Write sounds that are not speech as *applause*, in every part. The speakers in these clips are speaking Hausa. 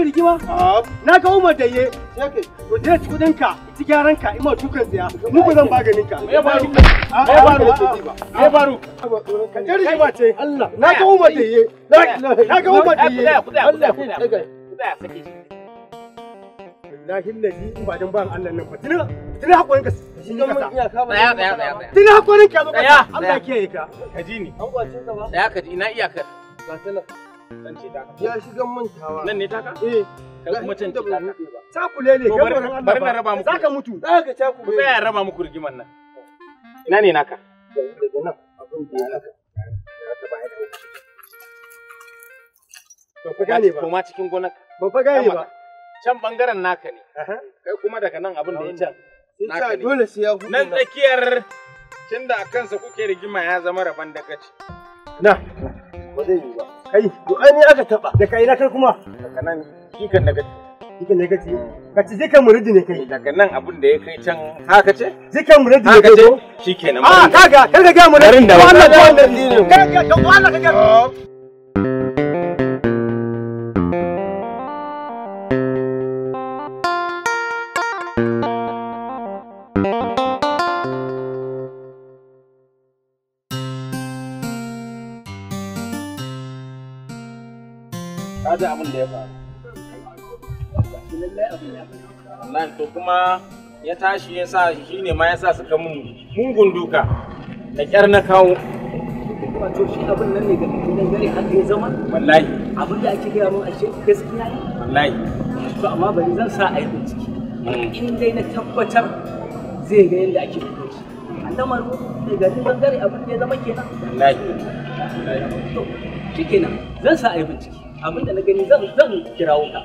mun rigima? Na ga Umar da ye. Sheke. je ci kudin ka, ci gyaran ka, ima dukan tsaya. Mu ku zan maganin ka. Me baru? Me baru? Me ce rigima ce. Na ga Umar da ye. Na ga Umar da ye. Allah. Lahin da ji ba dan ban Allah nan fa. Tuna tuna hakurin ka. Tsaya tsaya tsaya. Tuna hakurin ka zo ka. Allah kiyaye ka. Ka ji ni. ka Tsaya ka ji n'a iyakar. Ba talaka. ya mantawa nan ne taka eh kai kuma can taka cakule ne kai bari na raba muku zaka mutu zaka ku tsaya raba muku rigiman nan ina ne naka Ba gane ba. Koma cikin gonar. Ba fa gane ba. Can bangaren naka ne. Kai kuma daga nan abin da ya can. Ita dole sai ya hudu. Nan tsakiyar tunda a kansa kuke rigima ya zama rabon dagaci. Na. ba zai yi ba kai to ai ni aka taba da kai na kai kuma daga nan shi kan daga Jikin ne kaci? Kaci jikin muridi ne kai. Daga nan abin da ya kai can haka ce? Jikin muridi ne kai ko? Shi kenan. Ah kaga kaga ga muridi. Wannan da wannan ne. Kaga to Allah kaga. ka ji abin da ya faru wallahi to kuma ya tashi ya sa shi ne ma ya sa suka mun mungun duka da kyar na kawo wato shi abin nan ne ga dangane haka ya zama wallahi abin da ake gaya mun ashe gaskiya ne wallahi to amma bari zan sa a yi bincike hmm. in dai na tabbatar zai ga yadda ake fito shi hmm. annamar da gari bangare abin da ya zama kenan wallahi to shi kenan zan sa a yi bincike abin da na gani zan zan kirawo ka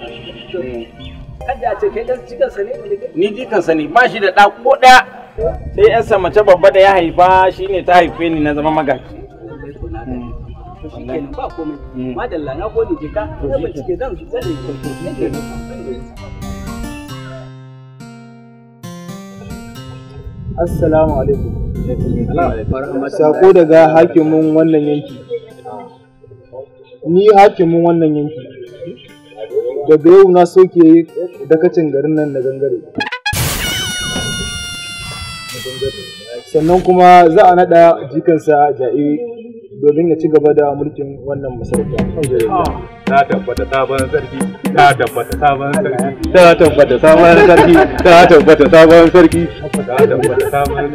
kada hmm. ce kai dan cikin sa ne ni jikan sa ne ba shi da da ko daya sai yan sa mace babba da ya haifa shine ta haife ni na zama magaji hmm. shi kenan ba komai hmm. madalla na gode jika na bincike zan zan ne Assalamu alaikum. Sako daga hakimin wannan yanki. ni hakimin wannan yanki daga yau na soke dakacin garin nan na gangare sannan kuma za a naɗa jikinsa ja'i domin ya ci gaba da mulkin wannan masarauta. Ta tabbata sabon sarki, ta tabbata sabon sarki, ta tabbata sabon sarki, ta tabbata sabon sarki, ta tabbata sabon sarki, ta tabbata sabon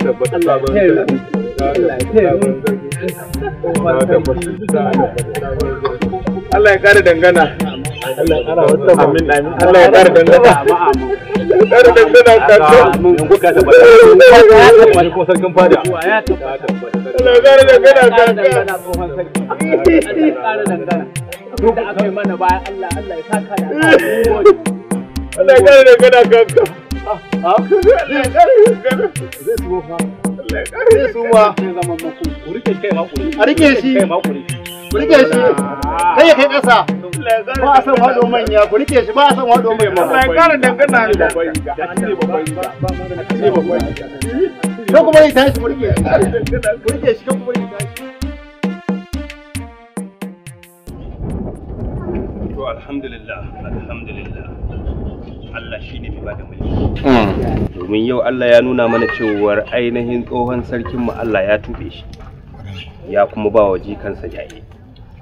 sarki, ta tabbata sabon sarki. Allah ya kare dangana. Allah ya kare dangana. Kare dangana Allah ya kare dangana dangana Duk da mana Allah Allah ya saka Allah ya kare dangana Allah ya kare dangana. Zai suma. A rike shi. Ku rike shi. ya kai ƙasa. Ba a san waɗo manya. Ku rike shi ba a san waɗo mai ƙara dangana da. kuma tashi ku rike shi. Ku rike shi kuma tashi. To alhamdulillah alhamdulillah. Allah shine mai bada mulki hmm. domin yau Allah ya nuna mana cewar ainihin tsohon sarkin mu Allah ya tube shi ya kuma ba wa jikansa yaye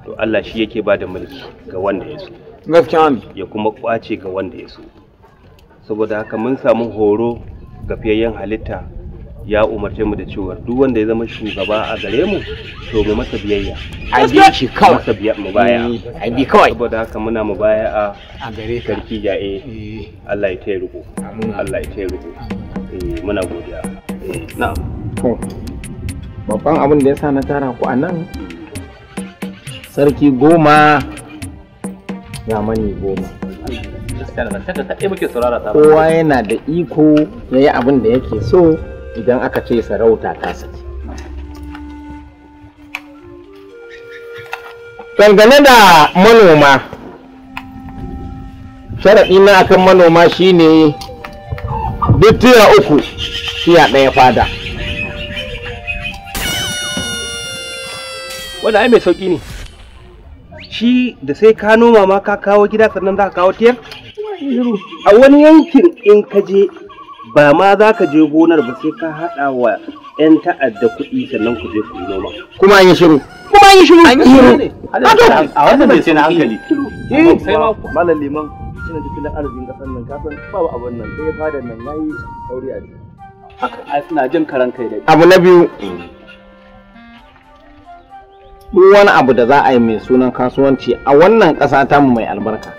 to Allah shi yake bada mulki ga wanda ya so gaskiya ne ya kuma kwace ga wanda ya so saboda haka mun samu horo ga fiyayyen halitta ya umarce mu da cewa duk wanda ya zama shugaba a gare mu to mu masa biyayya a bi shi kawai masa biyayya mu baya eh, a bi kawai saboda haka muna mu baya a gare ka sarki ja'e eh. Allah ya taya riko Allah ya taya riko eh muna godiya eh, na'am to babban abin da yasa na tara ku anan sarki goma ya mani goma kowa yana da iko ya yi abin da yake so idan aka ce sarauta ta saki. Dangane da manoma, sharaɗi na akan manoma shine duk tiya uku tiya ɗaya fada. Wanda ai mai sauƙi ne, shi da sai ka noma ma ka kawo gida sannan za ka kawo tiyar? A wani yankin in ka je ba ma za ka je gonar ba sai ka haɗa wa 'yan ta'adda kuɗi sannan ku je ku noma. Kuma an yi shiru. Kuma an yi shiru. An yi shiru. A wannan bai sai na hankali. Eh, malam liman ina da arzikin ƙasar nan kafin ba abin wannan sai fadar nan yi sauri a ciki. Haka jin karan kai da. Abu na biyu. Duk wani abu da za a yi mai sunan kasuwanci a wannan ƙasa tamu mai albarka.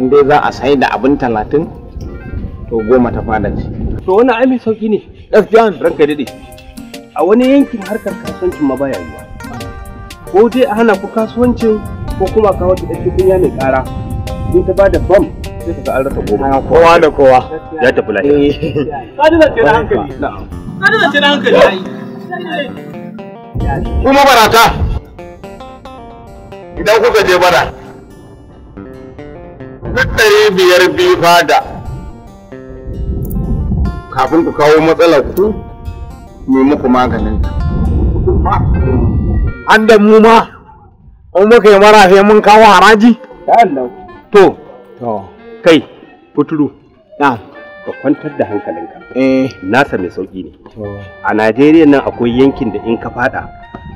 In dai za a sai da abin talatin to goma ta fada ce to wannan ai mai sauki ne gaskiya ranka dade a wani yankin harkar kasuwancin ma baya yiwa ko dai a hana ku kasuwancin ko kuma kawo ta ɗauki kunya mai ƙara in ta bada bam sai ka ga an rasa goma kowa da kowa ya tafi lafiya eh. ka da ce na hankali ka da ce na hankali kuma barata idan kuka je bara duk ɗari biyar biyu fada kafin ku kawo matsalar ku mu muku maganin an da mu ma an muka yi mara sai mun kawo haraji to to kai kuturu na ka kwantar da hankalinka eh nasa mai sauki ne a Najeriya nan akwai yankin da in ka fada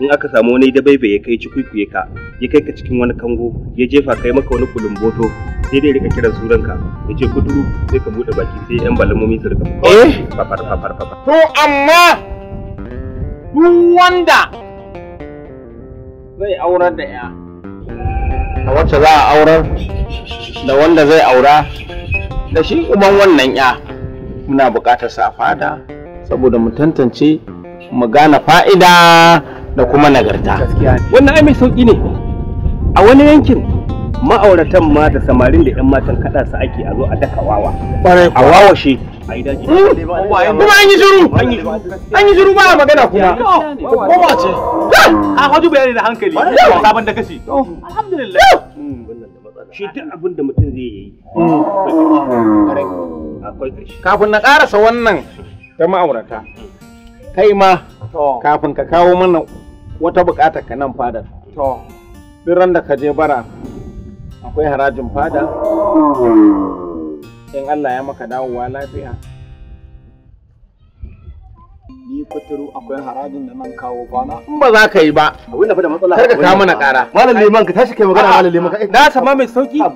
in aka samu wani ya kai ci kuikuye ka ya kai ka cikin wani kango ya jefa kai maka wani kulumboto sai dai rika kiran sunanka ya ce kuduru sai ka bude baki sai yan balamomi su rika eh fafar to amma duk wanda zai aurar da ya a wacce za a aurar da wanda zai aura da shi uban wannan ya muna bukatar sa fada saboda mu tantance mu gane fa'ida da kuma nagarta wannan ai mai sauki ne a wani yankin ma'auratan ma da samarin da 'yan matan kaɗa su ake a zo a daka wawa a wawashe hmm? kuma an yi shiru an yi shiru ba magana kuma koma ce a hajji bayani da hankali sabon hmm, da kashi alhamdulillah shi duk abin da mutum zai yi hmm. kafin na ƙarasa wannan ta ma'aurata kai ma kafin ka kawo mana wata buƙatar ka nan fadar duk ran da ka je bara akwai harajin fada in Allah ya maka dawowa lafiya ni kuturu akwai harajin da nan kawo bana in ba za ka yi ba da fa da matsala kar ka kawo mana kara malam liman ka tashi kai magana malam liman ka na sama mai sauki a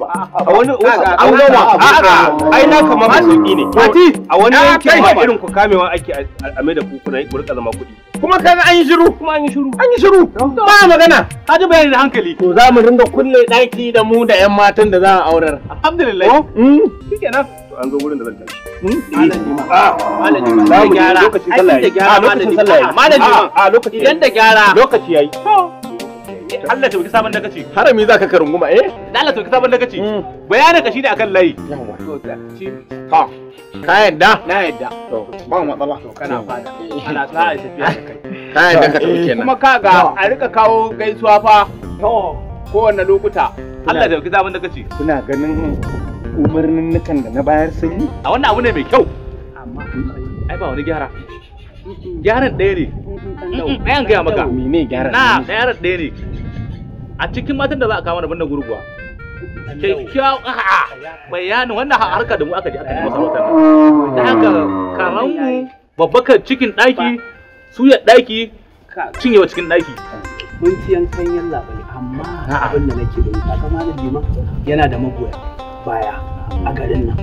wani an gona a a ai na kama sauki ne a wani yankin ba irin ku kamewa ake a mai da ku kuna ku rika zama kuɗi kuma kaga an yi shiru kuma an yi shiru an yi shiru ba magana ka ji bayani da hankali to za mu ringa kulle daki da mu da yan matan da za a aurar alhamdulillah oh, hmm. shikenan to an zo wurin da zan tashi hmm? hmm. Malajima, da ah. gyara, aikin da gyara, ah, malajima, ah, idan da gyara, lokaci yi. Allah ta wuce sabon dagaci harami za ka guma eh Allah ta wuce sabon dagaci hmm. bayanin ka shine akan layi ha ka yadda na yadda to ba matsala to kana fada ana sa a tafiya da kai *laughs* ka yadda ka tafi eh, kenan kuma kaga a rika kawo gaisuwa fa to kowanne lokuta Allah ta wuce sabon dagaci kuna ganin umarnin nukan da na bayar sun yi a wannan abu ne mai kyau amma ai ba wani gyara gyaran ɗaya ne ɗayan gaya maka na gyaran ɗaya ne a cikin matan da za a kawo mana banda gurguwa kyakkyawan a'a bayanin wannan harka da mu aka ji aka masa wata da haka mu babbakar cikin ɗaki daki ɗaki wa cikin ɗaki mun ci yankan yalla bane amma abin da nake da wuta kama da jima yana da magoya baya a garin nan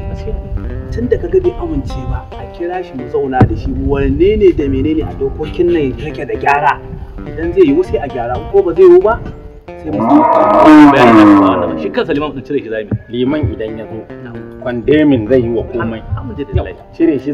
tun da kaga bai amince ba a kira shi mu zauna da shi wanne ne da menene a dokokin nan yake da gyara idan zai yi sai a gyara ko ba zai yi ba sai mu kuma shi cire shi idan ya zo kwandemin zai yi wa komai cire shi